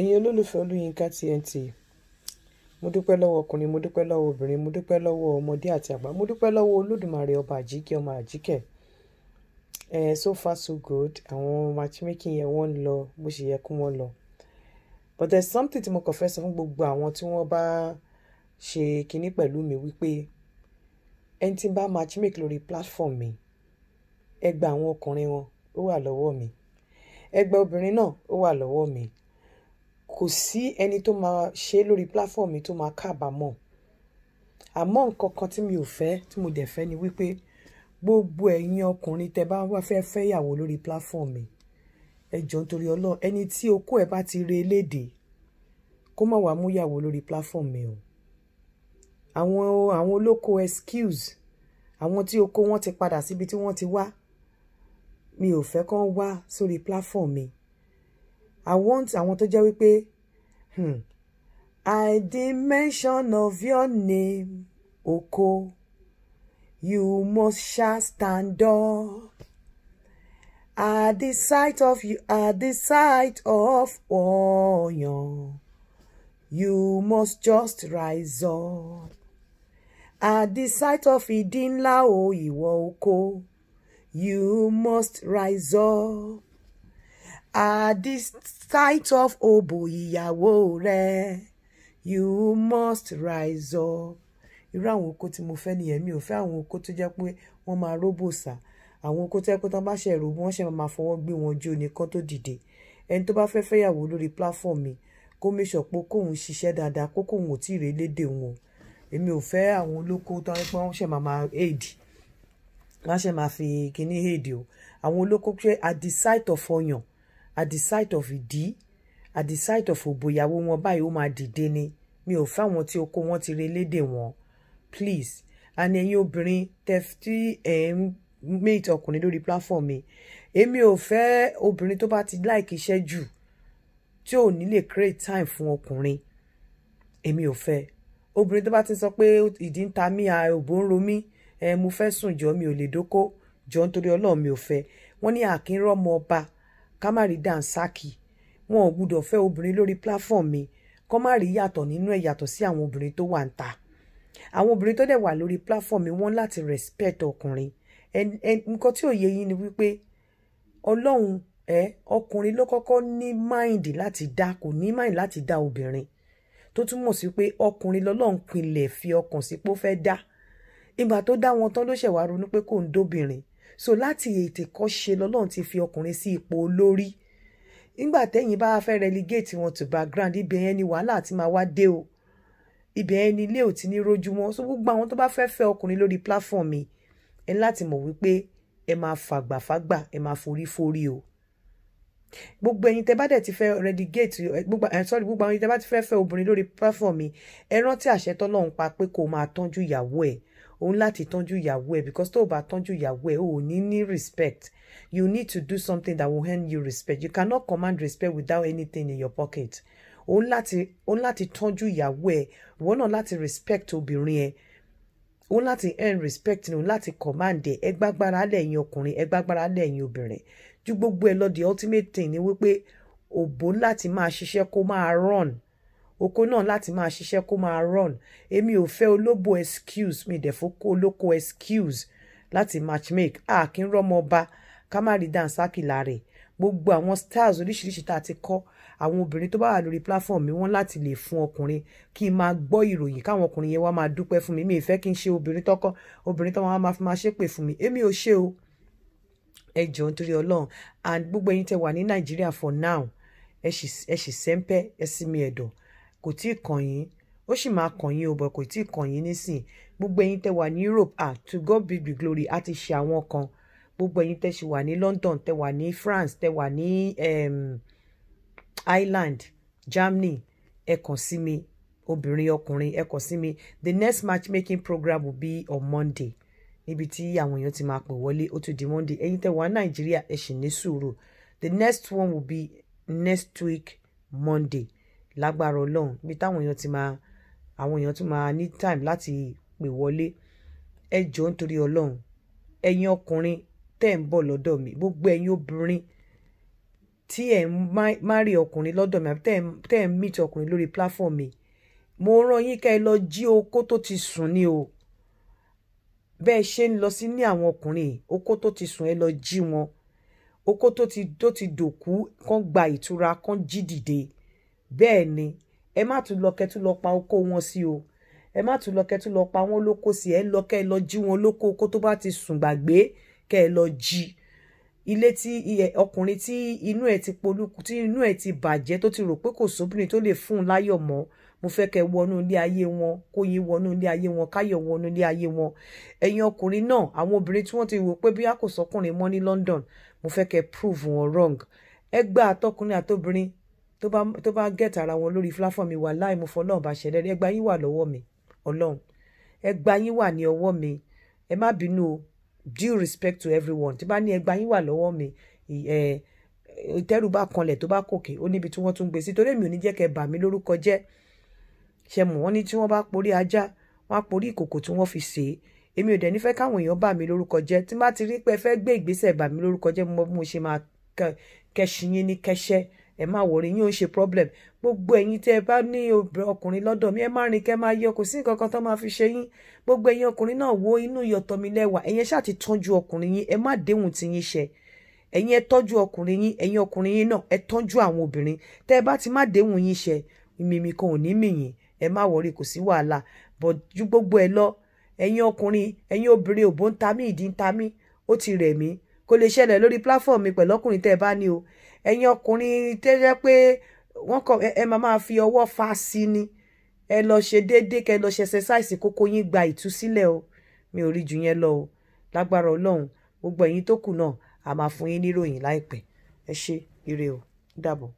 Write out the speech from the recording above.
ẹ̀yin olólùfẹ́ olúyinka TNT mo dúpẹ́ lọ́wọ́ ọkùnrin mo dúpẹ́ lọ́wọ́ obìnrin mo dúpẹ́ lọ́wọ́ ọmọdé àti àgbà mo dúpẹ́ lọ́wọ́ olódùmarè ọba àjíkẹ́ ọmọ àjíkẹ́ ẹ̀ so far so good àwọn matchmaking yẹn wọ́n ń lọ bó ṣe yẹ kó wọ́n lọ but there's something tí mo kàn fẹ́ sọ fún gbogbo àwọn tí wọ́n bá ṣe kinní pẹ̀lú mi wípé ẹni tí ń bá matchmake lórí platform mi ẹ gba àwọn ọkùnrin wọn ó wà lọ́wọ́ mi ẹ gba obìnrin náà ó wà lọ́wọ́ mi kò sí ẹni tó máa ṣe lórí platform mi tó máa kábàámọ̀ àmọ́ nǹkan kan tí mi ò fẹ́ tí mo dẹ̀ fẹ́ ni wípé gbogbo ẹ̀yin ọkùnrin tẹ́ bá wá fẹ́ fẹ́yàwó lórí platform mi ẹ jọ̀ọ́ nítorí Ọlọ́run ẹni tí okó ẹ̀ bá ti re léde kó má wàá múyàwó lórí platform o àwọn àwọn olóko excuse àwọn tí okó wọn ti padà síbi tí wọ́n ti wá mi ò fẹ́ kán wá sórí platform I want àwọn tó jẹ́ wípé hmm, I did mention of your name Oko you must shall stand up at the sight of you at the sight of Oyan you must just rise up at the sight of ìdí ńlá o ìwọ Oko you must rise up. At the sight of obo ìyàwó rẹ, you must rise up. Irú àwọn oko tí mo fẹ́ nìyẹn mi ò fẹ́ àwọn oko tó jẹ́ pé wọ́n máa róbò sà. Àwọn oko tó jẹ́ pé tán bá ṣe ròbó wọ́n ṣe máa fọwọ́ gbé wọn jó nìkan tó dìde. Ẹni tó bá fẹ́ fẹ́yàwó lórí platform mi kó pé kóun ṣiṣẹ́ dáadáa kó kóun ò tí ì rélédè wọn Èmi ò fẹ́ àwọn olóko tó jẹ́ pé wọ́n ṣe máa aid. Wọ́n ṣe máa fi kíní aid o. Àwọn olóko pé at the sight of ọyàn at the sight of ìdí at the sight of ògbóyàwó wọn báyìí ó máa dìde ni mi ò fẹ́ àwọn tí okó wọn ti relédè wọn please àní ẹ̀yin obìnrin tẹ̀fí ẹ̀ ń mate ọkùnrin lórí platform mi èmi ò fẹ́ obìnrin tó bá ti like iṣẹ́ jù tí ò ní lè create time fún ọkùnrin èmi ò fẹ́ obìnrin tó bá ti sọ pé ìdí ń ta mí òbò ń ro mí ẹ mo fẹ́ sùn jọ mi ò lè dóko jọ nítorí ọlọ́run mi ò fẹ́ wọ́n ní àkínrọ́mọ ọba ká má rí dànsákì wọn ò gbúdọ̀ fẹ́ obìnrin lórí platform mi kọ́ má rí yàtọ̀ nínú ẹ̀ yàtọ̀ sí àwọn obìnrin tó wà ń ta àwọn obìnrin tó dẹ̀ wà lórí platform mi wọ́n láti respect ọkùnrin nǹkan tí ò yé yín ni wípé ọlọ́run ẹ ọkùnrin ló kọ́kọ́ ní mind láti dá kò ní mind láti dá obìnrin tó túmọ̀ sí pé ọkùnrin lọ́lọ́run pinlẹ̀ fi ọkàn sí pé ó fẹ́ dá ìgbà tó dá wọn tán ló ṣẹ̀wá ronú pé kò ń dóbìnrin so láti ètè kọ́ ṣe lọ́lọ́run ti fi ọkùnrin sí ipò olórí nígbà tẹ́yìn bá fẹ́ relegate wọn to background ibẹ̀ yẹn ni wàhálà ti máa wá dé o ibẹ̀ yẹn ni ilé ò ti ní rojú mọ́ so gbogbo àwọn tó bá fẹ́ fẹ́ ọkùnrin lórí platform mi ẹ ní láti mọ̀ wípé ẹ máa fàgbàfàgbà ẹ máa forí o gbogbo ẹ̀yin tẹ́ bá dẹ̀ ti fẹ́ relegate gbogbo sorry gbogbo àwọn ẹ̀yin tẹ́ bá ti fẹ́ fẹ́ obìnrin lórí platform mi ẹ rántí àṣẹ tọ́lọ́run pa pé kó máa tọ́jú ìyàwó ẹ̀ o ń láti tọ́jú ìyàwó ẹ because tó o bá tọ́jú ìyàwó ẹ o ò ní ní respect you need to do something that will earn you respect you cannot command respect without anything in your pocket o ń láti o ń láti tọ́jú ìyàwó ẹ ìwọ náà láti respect obìnrin ẹ o ń láti earn respect ni o ń láti command ẹ ẹgbàgbára lẹ́yìn ọkùnrin ẹgbàgbára lẹ́yìn obìnrin ju gbogbo ẹ lọ the ultimate thing ni wípé òbó láti máa ṣiṣẹ́ kó máa run oko náà láti máa ṣiṣẹ́ kó máa run èmi ò fẹ́ olóbò excuse mi ìdẹ̀fọ́ kó olóko excuse láti matchmake a kì í rọ́mọ ọba ká má rí dansaki láre gbogbo àwọn stars oríṣiríṣi tá a ti kọ́ àwọn obìnrin tó bá wà lórí platform mi wọ́n láti lè fún ọkùnrin kí n máa gbọ́ ìròyìn káwọn ọkùnrin yẹn wá máa dúpẹ́ fún mi mi ìfẹ́ kí n ṣe obìnrin tọ́kọ́ obìnrin tọ́wọ́n á máa fi máa ṣépè fún mi èmi ò ṣe o ẹ jọ̀ọ́ nítorí ọlọ́run and gbogbo ẹ̀yin tẹ́ wà ní nàìjíríà for now ẹ ṣì sẹ́ńpẹ́ ẹ sì mi ẹ̀dọ̀ kò tí ì kàn yín ó sì máa kàn yín o bọ̀ kò tí ì kàn yín nísìn gbogbo ẹ̀yin tẹ́ wà ní Europe ah to God be the glory a ti ṣe àwọn kan gbogbo ẹ̀yin tẹ́ ṣì wà ní London tẹ́ wà ní France tẹ́ wà ní um, Ireland Germany ẹ kàn sí mi obìnrin ọkùnrin ẹ kàn sí mi the next matchmaking program will be on Monday níbi tí àwọn èèyàn ti máa pè wọlé ó tún di Monday ẹ̀yin tẹ́ wà ní Nàìjíríà ẹ ṣì ní sùúrù the next one will be next week Monday lágbára ọlọ́run ibi táwọn èèyàn ti máa àwọn èèyàn tún máa ní time láti pè wọlé ẹ jọ̀ọ́ nítorí ọlọ́run ẹ̀yin ọkùnrin tẹ́ ń bọ̀ lọ́dọ̀ mi gbogbo ẹ̀yin obìnrin tí ẹ̀ ń márì ọkùnrin lọ́dọ̀ mi àbí tẹ́ ẹ̀ ń mìtì ọkùnrin lórí platform mi mo rán yín ká ẹ lọ jí okó tó ti sùn ni o bẹ́ẹ̀ ṣe ń lọ sí ní àwọn ọkùnrin okó tó ti sùn ẹ lọ jí wọn okó tó ti dòkú kán gba ìtura kán jí dìde bẹ́ẹ̀ ni ẹ má tún lọ kẹ́ tún lọ pa oko wọn sí o ẹ má tún lọ kẹ́ tún lọ pa wọn lóko sí ẹ lọ kẹ́ lọ jí wọn lóko kó tó bá ti sùn gbàgbé kẹ́ ẹ lọ jí ilé tí ọkùnrin tí inú ẹ ti polúkú tí inú ẹ ti bàjẹ́ tó ti rò pé kò sóbìnrin tó lè fún un láyọ̀ mọ́ mo fẹ́ kẹ́ wọnú ilé ayé wọn kó yín wọnú ilé ayé wọn káyọ̀ wọnú ilé ayé wọn ẹ̀yin ọkùnrin náà àwọn obìnrin tí wọ́n ti wò pé bí a kò sọkùnrin mọ́ ní London mo fẹ́ kẹ́ prove wọn wrong ẹ gba àtọkùnrin àtobìnrin tó bá tó bá gẹ̀tà ara wọn lórí platform mi wà láì mo fọlọ́run bá ṣẹlẹ̀ ẹgbà yín wà lọ́wọ́ mi ọlọ́run ẹgbà yín wà ní ọwọ́ mi ẹ má bínú o due respect to everyone tí bá ní ẹgbà yín wà lọ́wọ́ mi ẹ ìtẹ́rù bá kanlẹ̀ tó bá kòkè ó níbi tí wọ́n tún gbé sí torí èmi ò ní jẹ́ kẹ́ bà mí lórúkọ jẹ́ ṣe mọ̀ wọ́n ní tí wọ́n bá porí ajá wọ́n á porí ìkòkò tí wọ́n fi sè é èmi ò dẹ̀ ní káwọn èèyàn bà mí lórúkọ jẹ́ tí má ti rí pé ẹ fẹ́ gbé ìgbésẹ̀ bà mí lórúkọ jẹ́ mo mo ṣe máa kẹ́ṣin yín ní kẹ́ṣẹ́ ẹ má wọrí yín ó ṣe problem gbogbo ẹ̀yin tẹ́ ẹ bá ní ọkùnrin lọ́dọ̀ mi ẹ má rìn kẹ́ máa yọ kò sí nǹkan kan tó máa fi ṣe yín gbogbo ẹ̀yin ọkùnrin náà wo inú yọ̀tọ̀ mi lẹ́wà ẹ̀yin ṣáà ti tọ́jú ọkùnrin yín ẹ má déhùn tí yín ṣe ẹ̀yin ẹ tọ́jú ọkùnrin yín ẹ̀yin ọkùnrin yín náà ẹ tọ́jú àwọn obìnrin tẹ́ ẹ bá ti má déhùn yín ṣe mímí kan ò ní mìyìn ẹ má wọrí kò sí wàhálà bọ̀ ju gbogbo ẹ lọ ẹ̀yin ọkùnrin ẹ̀yin obìnrin òbó ń ta mí ìdí ń ta mí ó ti rẹ̀ mí kó lè ṣẹlẹ̀ lórí platform mi pẹ̀lú ọkùnrin tẹ́ ẹ bá ní o ẹ̀yin ọkùnrin tẹ́ jẹ́ pé wọ́n kọ ẹ máa máa fi ọwọ́ fa sí ni ẹ lọ ṣe déédéé kẹ lọ ṣe exercise kókó yín gba ìtúsílẹ̀ o mi ò rí jù yẹn lọ o lágbára ọlọ́run gbogbo ẹ̀yin tó kù náà a yín níròyìn láìpẹ́ ẹ ṣé ire o dàbọ̀.